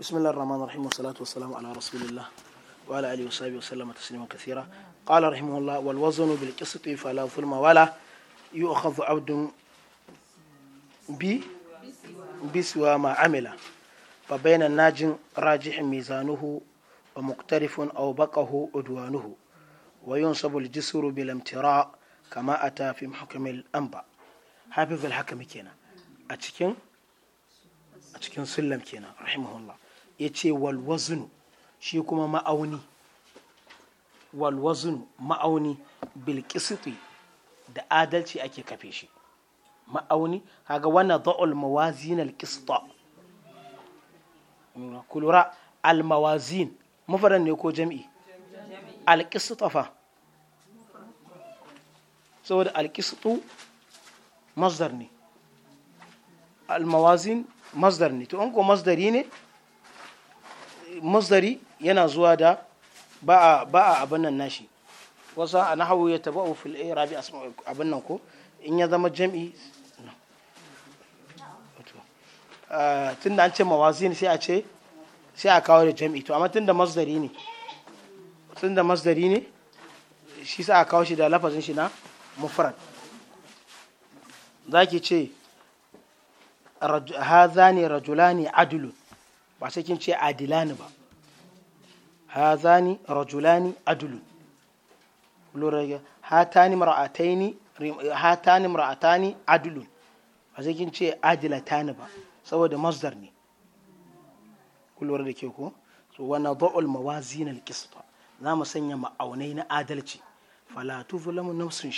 بسم الله الرحمن الرحيم والصلاة والسلام على رسول الله وعلى آله وصحبه وسلم تسليما كثيرا قال رحمه الله والوزن بالقسط فلا ظلم ولا يؤخذ عبد بي بسوى ما عمل فبين الناج راجح ميزانه ومقترف أو بقه أدوانه وينصب الجسر بلا امتراء كما أتى في محكم الأنبا حافظ الحكم كينا أتكين أتكين سلم كينا رحمه الله ya ce walwazunu shi kuma ma'auni walwazunu ma'auni bilkisiti da adalci ake kafe shi ma'auni haga wannan da'ul mawazin alkista mm, kulura almawazin mafaran ne ko fa saboda ne almawazin ne to an ko ne masdari yana zuwa da ba a abin nan nashi wasa a nahawu ya taba fil rabi asma abin nan ko in ya zama jam'i tunda an ce mawazin sai a ce sai a kawo da jam'i to amma tunda masdari ne tunda masdari ne shi sa a kawo shi da lafazin shi na mufrad zaki ce ha rajula ne adilu ba sai kin ce adilani ba hazani rajulani adulun lura hatani mar'ataini hatani mar'atani adulun ba sai kin ce adilatani ba saboda masdar ne kullum da ke ko wa nadha'ul mawazin al-qisṭa za mu sanya ma'aunai na adalci fala tuzlamu nafsun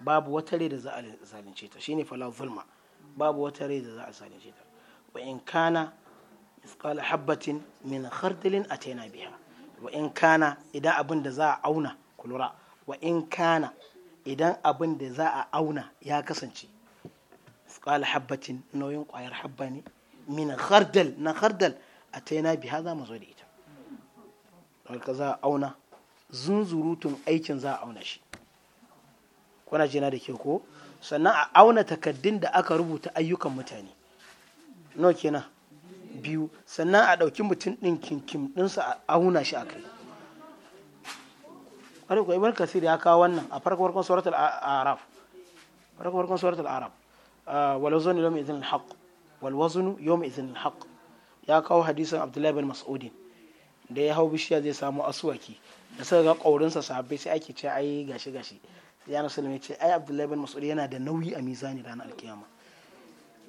babu wata da za zalunce ta shine fala zulma babu wata da za a zalunce ta kana mithqala min khardalin ataina biha wa in kana idan abin da za a auna kulura wa in kana idan abin da za a auna ya kasance qala habbacin nauyin kwayar habba ne min khardal na hardal a taina biya za mu zo da ita ka za a auna zunzurutun aikin za a auna shi kuna jina da ke ko sannan a auna takaddun da aka rubuta ayyukan mutane nawa kenan biyu sannan a ɗauki mutum ɗin kinkim ɗinsa a auna shi a kai ƙwarai ko ibn kasir ya kawo wannan a farko farkon suratul araf farko farkon suratul araf ah, wal waznu izinin haq ya kawo hadisin abdullahi bin mas'udin da ya hau bishiya zai samu asuwaki da suka ga ƙaurinsa sahabbai sai ake ce ai gashi gashi yana ya nasu ce ai abdullahi bin Mas'udin yana da nauyi a mizani ranar alkiyama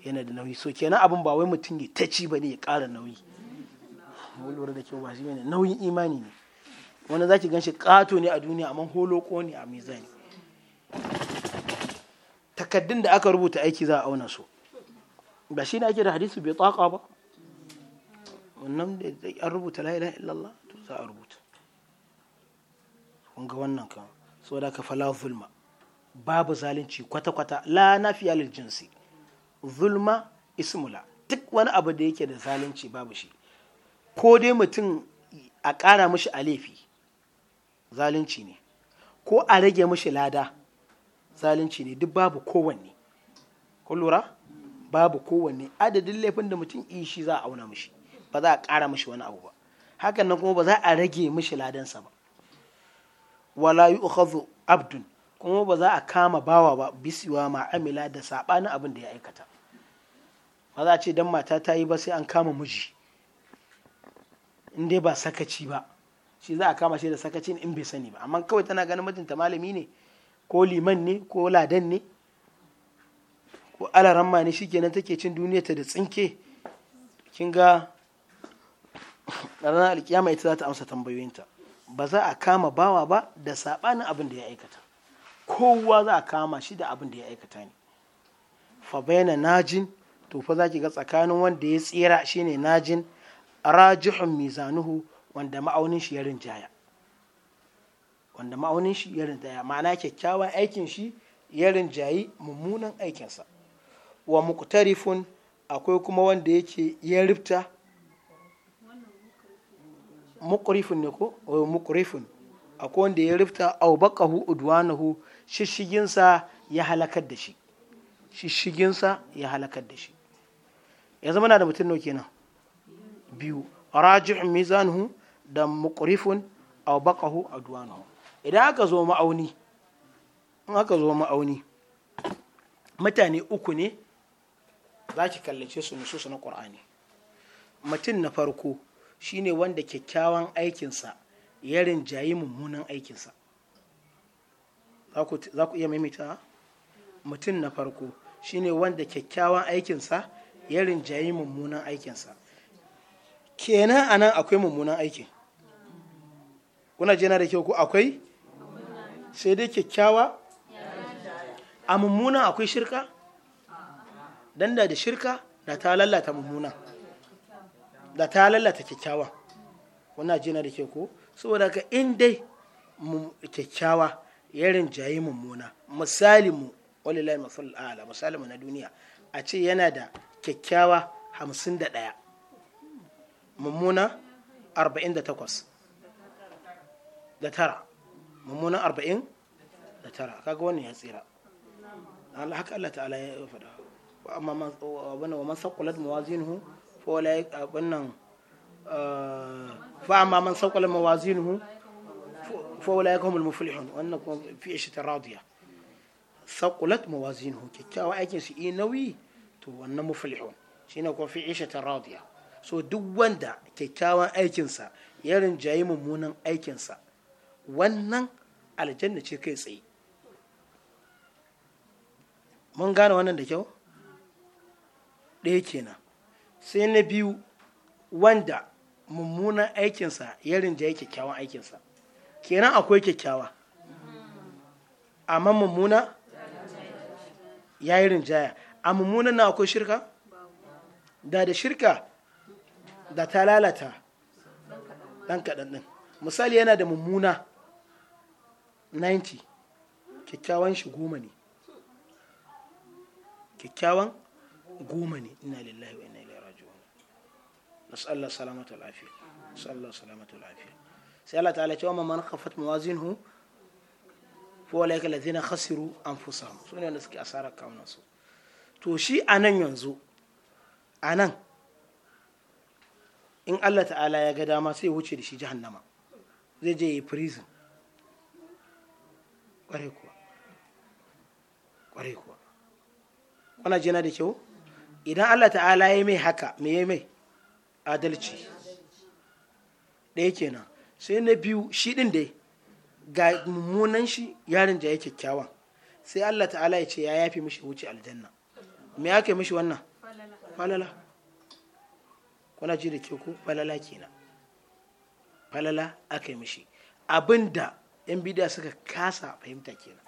yana da nauyi so kenan abin ba wai mutum ya ta ci ne ya kara nauyi mun da kyau ba shi bane nauyin imani ne wani za ki ganshi kato ne a duniya amma holoko ne a mizani takaddun da aka rubuta aiki za a auna so ba shi ne ake da hadisu bai tsaka ba wannan da an rubuta la illallah to za a rubuta kun ga wannan kan da ka fala zulma babu zalunci kwata-kwata la na lil jinsi zulma ismula duk wani abu da yake da zalunci babu shi ko dai mutum a ƙara mashi a laifi zalunci ne ko a rage mashi lada zalunci ne duk babu kowanne kullura lura babu kowanne adadin laifin da mutum shi za a auna mashi ba za a ƙara mashi wani abu ba hakan nan kuma ba za a rage mashi ladansa ba wala Ukazu abdun kuma ba za a kama bawa ba bisiwa ma'amila da sabanin abin da ya aikata ba za a ce dan mata ta yi ba sai an kama miji in dai ba sakaci ba shi za a kama shi da sakaci in bai sani ba amma kawai tana ganin mijinta malami ne ko liman ne ko ladan ne ko alaramma ne shikenan take cin duniya ta da tsinke kin ga ranar alkiyama ita za ta amsa tambayoyinta ba za a kama bawa ba da saɓanin abin da ya aikata kowa za a kama shi da abin da ya aikata ne fa bayana najin to fa za ki ga tsakanin wanda ya tsira shine najin rajihun mizanuhu wanda ma'aunin shi ya rinjaya wanda ma'aunin shi ya rinjaya ma'ana kyakkyawan aikin shi ya rinjayi mummunan aikinsa wa muktarifun akwai kuma wanda yake ya rifta mukurifin ne ko mukurifin akwai wanda ya rifta aubaqahu udwanahu shishiginsa ya halakar da shi shishiginsa ya halakar da shi ya zama na da mutum nau kenan biyu rajih mizanhu da muqrifun aw baqahu adwanu idan aka zo ma'auni in aka zo ma'auni mutane uku ne za ki kallace su su na qur'ani mutum na farko shine wanda kyakkyawan aikinsa ya rinjayi mummunan aikinsa za ku iya maimaita mutum na farko shine wanda kyakkyawan aikinsa ya rinjayi mummunan aikinsa kenan a nan akwai mummunan aikin kuna jina da kyau ko akwai sai dai kyakkyawa a mummunan akwai shirka dan da da shirka da ta lalata mummunan da ta lalata kyakkyawa kuna jina da kyau ko saboda ka in dai kyakkyawa ya rinjayi mummuna misalinmu walilahi masu ala misalinmu na duniya a ce yana da kyakkyawa hamsin da ɗaya mummuna arba'in da takwas da tara mummuna arba'in da tara kaga wannan ya tsira Allah haka Allah ta'ala ya faɗa amma wa man mawazinuhu fa fa amma man saqulat mawazinuhu fa wala yakumul muflihun wannan fi radiya saqulat mawazinuhu kikkiawa aikin su yi nauyi to wannan muflihun shine kuma fi ta radiya so duk wanda kyakkyawan aikinsa ya rinjayi mummunan aikinsa wannan aljanna ce kai tsaye mun gane wannan da kyau ɗaya kenan sai na biyu wanda mummunan aikinsa ya rinjaye kyakkyawan aikinsa kenan akwai kyakkyawa amma mummuna ya yi rinjaya a mummunan na akwai shirka da da shirka da ta lalata ɗan kaɗan ɗin misali yana da mummuna 90 kyakkyawan shi goma ne kyakkyawan goma ne ina lillahi wa ina ilaihi raji'un nas'allahu salamatu lafiya nas'allahu salamatu lafiya sai Allah ta'ala cewa man khaffat mawazinhu fa ulaika alladhina khasiru anfusahum ne wanda suke asarar kawunan su to shi a nan yanzu a nan in allah ta'ala ya ga dama sai wuce da shi nama zai je yi prison kware kuwa kware kuwa wana jina da kyau idan allah ta'ala ya mai haka mai ya mai adalci ɗaya kenan sai na biyu shi ɗin dai ga mummunan shi yarin da ya kyakkyawan sai allah ta'ala ya ce ya yafi mishi wuce aljanna me ake mishi wannan falala kuna ji da ke ku falala kenan falala aka yi mishi abinda yan bidiya suka kasa fahimta kenan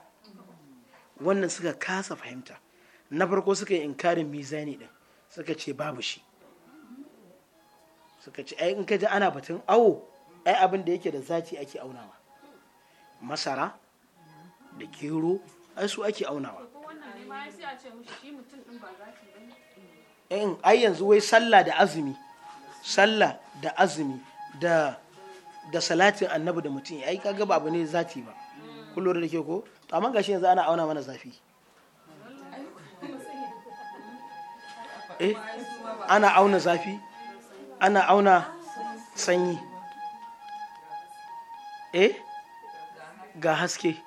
wannan suka kasa fahimta na farko suka yi inkarin mizani din suka ce babu shi suka ce ai in ka ji ana batun awo ai abin da yake da zaki ake aunawa masara da gero ai su ake aunawa ai in ai yanzu wai sallah da azumi sallah da azumi da da salatin annabi da mutum ai kaga ba abu ne zati ba mm. kun lura da ke ko to amma gashi yanzu ana auna mana zafi eh ana auna zafi ana auna sanyi eh ga haske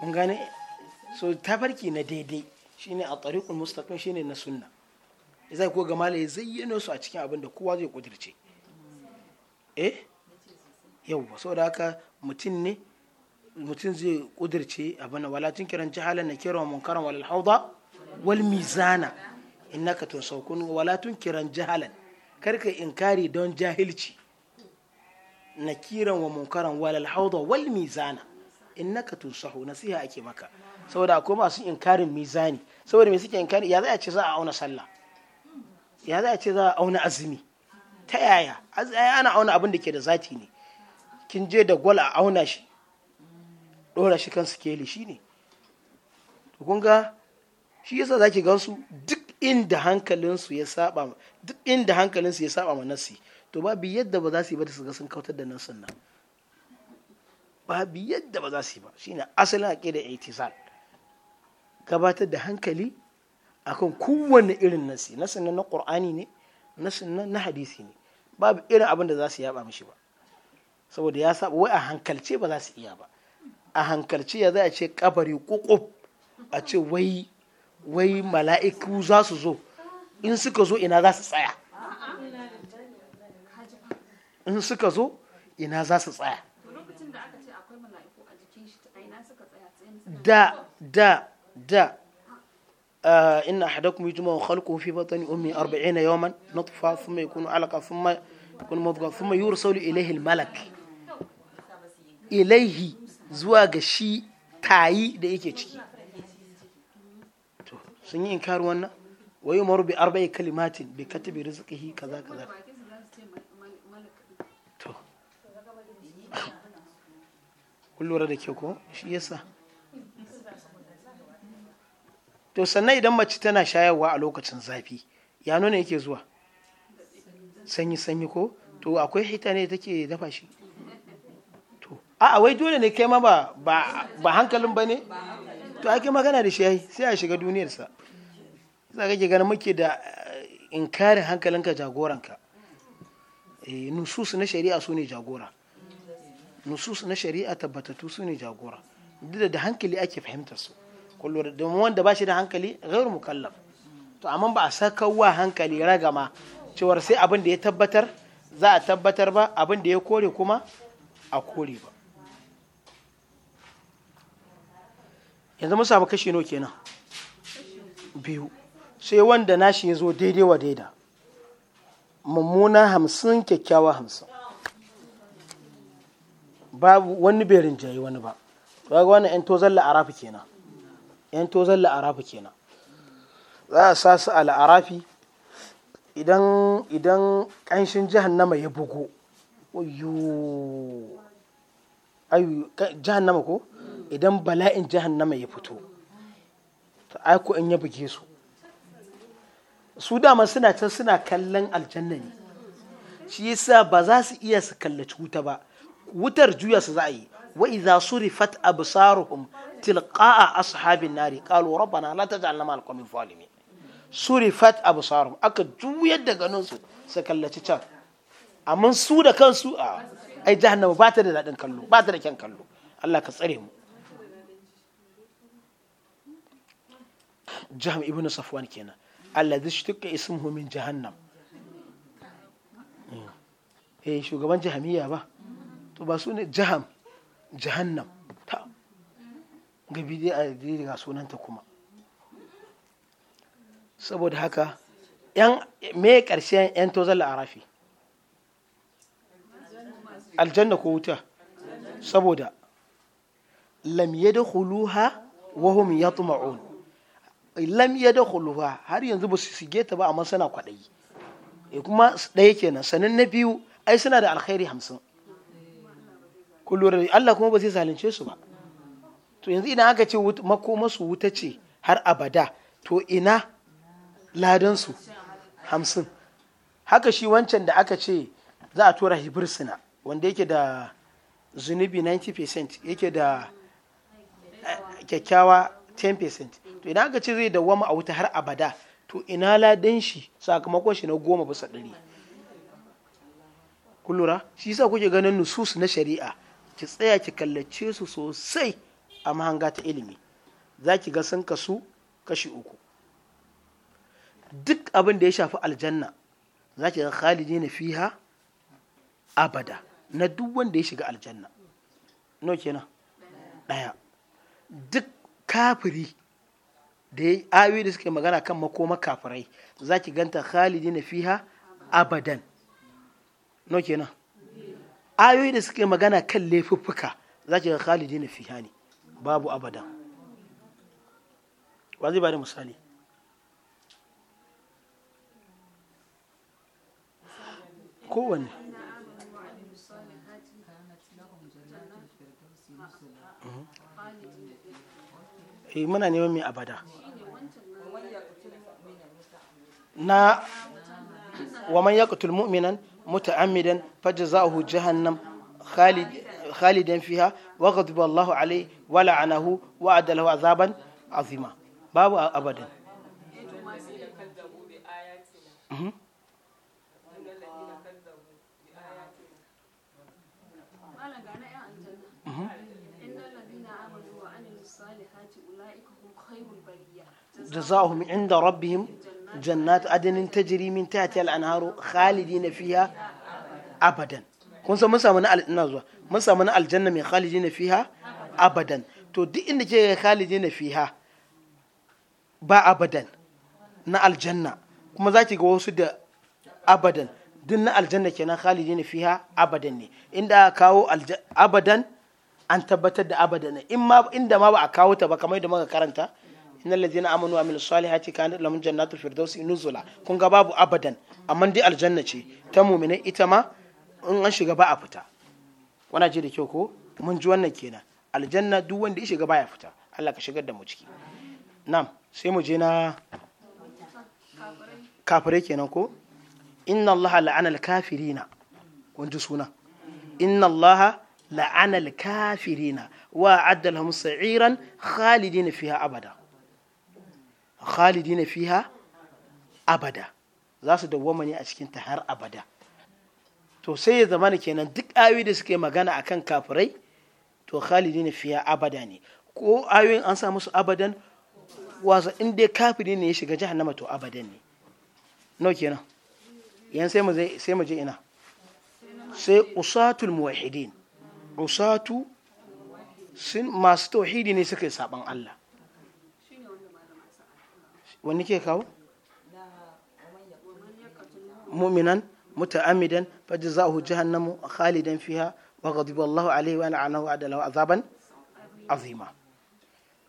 mun gane so tafarki na daidai shine a tariqul mustaqim shine na sunna zai ko ga zai zayyano su a cikin abinda kowa zai kudirce eh yawwa da haka mutum ne mutum zai kudirce abin wala kiran jahalan na kira munkaran wal hauda wal mizana tun saukun wala kiran jahalan karka inkari don jahilci na kiran wa munkaran wal hauda wal mizana innaka tunsahu nasiha ake maka saboda akwai masu inkarin mizani saboda me suke inkari ya za a ce za a auna sallah ya za ce za a auna azumi ta yaya ana auna abin da ke da zati ne kin je da gwal a auna shi dora shi kan sikeli shi ne kun ga shi yasa za ki gansu duk inda hankalinsu ya saba ya saba ma nasi to babu yadda ba za su yi ba da su ga sun kautar da nan sannan babu yadda ba za su yi ba shine asalin aqidar itizal gabatar da hankali akan kowane irin nasi nasin na qur'ani ne nasin na hadisi ne babu irin abin da za su yaba mishi ba saboda ya saba wai a hankalce ba za su iya ba a hankalce ya za a ce kabari kukuf a ce wai wai mala'iku za su zo in suka zo ina za su tsaya in suka zo ina za su tsaya da da da إن أحدكم يجمع fi batni ummi 40 yawman nutfa thumma yakunu alaqa thumma yakunu يكون thumma yursalu ilayhi almalak ilayhi zuwa ga shi tayi da yake ciki to sun yi inkar wannan wa yi maru bi arba'i kalimatin bi katibi rizqihi kaza kaza to kullu lura da ke ko shi yasa to sannan idan mace tana shayarwa a lokacin zafi ya nuna yake zuwa sanyi sanyi ko to akwai hita ne take dafa shi to a wai dole ne kai ma ba ba hankalin ba ne to ake magana da shi sai a shiga duniyarsa za ka ganin muke da eh, inkarin hankalinka jagoranka eh, nusus na shari'a su ne jagora nusus na shari'a tabbatattu su ne jagora duk da hankali ake fahimtar su kullum domin wanda ba shi da hankali ghair mukallaf to amma ba a saka wa hankali ragama cewar sai abin da ya tabbatar za a tabbatar ba abin da ya kore kuma a kore ba yanzu mun samu kashi nawa kenan biyu sai wanda nashi ya zo daidai wa daida mummuna hamsin kyakkyawa hamsin babu wani bai jayi wani ba ga wani 'yan tozon arafu kenan 'yan tozon la'arafi kenan za a sa su a la'arafi idan idan ƙanshin jahannama ya bugo ayu jahannama ko idan bala'in jahannama ya fito ta aiko in ya buge su su dama suna can suna kallon aljanna ne shi yasa ba za su iya su kallaci wuta ba wutar juya su za a yi wa idza surifat absaruhum tilqa'a ashabin nari bana rabbana la taj'alna ma'al qawmi zalimin surifat absarum aka juyar da ganin su su kallaci can amma su da kansu a ai jahannama ba ta da dadin ba ta da kyan kallo Allah ka tsare mu kenan alladhi shtukka ismuhu ga bidi'a da ga sunanta kuma saboda haka yan me karshen yan tozal arafi aljanna ko wuta saboda lam yadkhuluha wa hum yatma'un lam yadkhuluha har yanzu ba su shige ta ba amma suna kwaɗayi e kuma ɗaya kenan sanin na biyu ai suna da alkhairi hamsin kullum Allah kuma ba zai zalunce su ba to yanzu idan aka ce makomasu wuta ce har abada to ina ladansu hamsin haka shi wancan da aka ce za a tura hibirsina wanda yake da zunubi 90% yake da eh, kyakkyawa 10% to idan aka ce zai dawama a wuta har abada to ina ladan shi sakamakon shi na goma bisa ɗari kullura shi sa kuke ganin nusus na shari'a ki tsaya ki kallace su sosai a mahanga ta ilimi za ki ga sun kasu kashi uku duk abin da ya shafi aljanna za ki ga khalidi na fiha abada na duk wanda ya shiga aljanna no kenan ɗaya duk kafiri da ya awi da suke magana kan makoma kafirai za ki ganta khalidi na fiha abadan no kenan ayoyi da suke magana kan laifuffuka za ki ga khalidi na fiha ne babu abadan wa zai ba da misali kowane eh muna neman mai abada na waman ya kutul mu'minan muta'ammidan fajza'uhu jahannam khalidan fiha وغضب الله عليه ولعنه وعد له عذابا عظيما باب ابدا جزاؤهم عند ربهم جنات عدن تجري من تحتها الأنهار خالدين فيها أبدا kun san mun samu na ina zuwa mun samu na aljanna mai khalidi na fiha abadan to duk inda ke khalidi na fiha ba abadan na aljanna kuma za ki ga wasu da abadan duk na aljanna kenan khalidi na fiha abadan ne inda kawo abadan an tabbatar da abadan in ma inda ma ba a kawo ta ba kamar yadda muka karanta inna ladina amanu wa amilus salihati kana lahum jannatul firdausi nuzula kun ga babu abadan amma dai aljanna ce ta muminai ita ma in an shiga ba a fita wana ce da kyau ko mun ji wannan kenan aljanna duk wanda ya shiga baya fita Allah ka shigar da mu ciki nam sai mu je na kafire kenan ko inna allaha la'anal kafirina wanda suna inna allaha la'anal kafirina wa adda lahum sa'iran khalidina fiha abada khalidina fiha abada za su dawwama ne a cikin ta har abada to sai ya zamana kenan duk ayoyi da suke magana a kan kafirai to ne fiya abada ne ko ayoyin an sa musu abadan wasa in dai kafiri ne ya shiga jahannama to abadan ne no kenan yan sai mu sai mu je ina sai usatul muwahhidin usatu sun masu tauhidi ne suka yi saban Allah wani ke kawo muminan muta'amidan فجزاؤه جهنم خالدا فيها وغضب الله عليه وأن عنه وعد له عذابا عظيما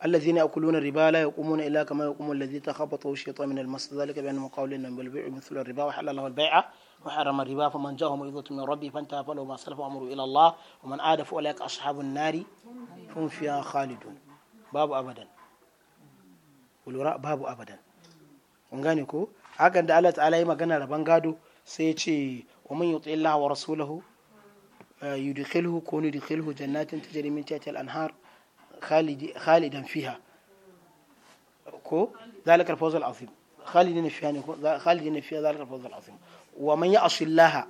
الذين يأكلون الربا لا يقومون إلا كما يقوم الذي تخبطه الشيطان من المس ذلك بان مقاول إنهم بالبيع مثل الربا وحل الله البيع وحرم الربا فمن جاءه موعظة من ربه فانتهى فله ما سلف وامره إلى الله ومن عاد فأولئك أصحاب النار هم فيها خالدون باب أبدا والوراء باب أبدا kun gane ko hakan da Allah ta'ala yi magana rabon ومن يطع الله ورسوله يدخله كون يدخله جنات تجري من تحتها الأنهار خالد خالدا فيها كو ذلك الفوز العظيم خالدين فيها خالدين فيها ذلك الفوز العظيم ومن يعص الله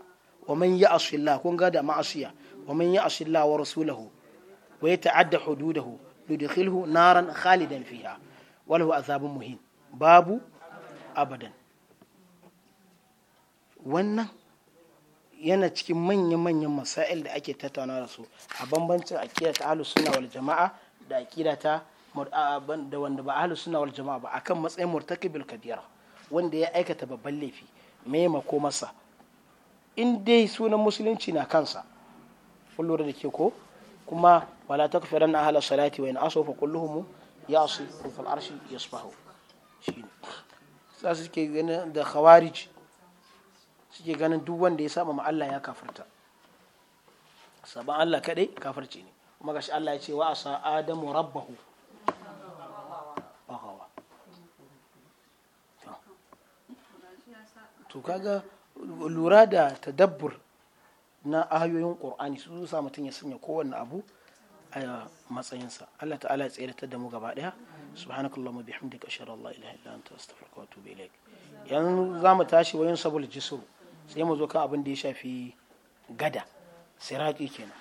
ومن يعص الله كون قاد معصيه ومن يعص الله ورسوله ويتعدى حدوده يدخله نارا خالدا فيها وله عذاب مهين باب ابدا wannan yana cikin manya-manyan masail da ake tattauna da su a bambancin akida ta ahlus sunna wal jama'a da akida ta da wanda ba ahlus sunna wal jama'a ba akan matsayin murtakibul kabira wanda ya aikata babban laifi me mako masa in dai sunan musulunci na kansa kun lura da ke ko kuma wala takfiranna ahla salati wa in asofa kulluhum ya'si fil arshi yasbahu shine sai suke ganin da khawarij suke ganin duk wanda ya saba ma Allah ya kafirta saban Allah kadai kafirci ne kuma gashi Allah ya ce wa asa adamu rabbahu bahawa to kaga lura da tadabbur na ayoyin qur'ani su sa mutun ya sanya kowanne abu a matsayinsa Allah ta'ala ya tsayar da mu gaba daya subhanakallahumma bihamdika ashhadu an la ilaha illa anta astaghfiruka wa atubu ilaik yanzu zamu tashi wayin sabul jisru sai mu zo kan abin da ya shafi gada siraki kenan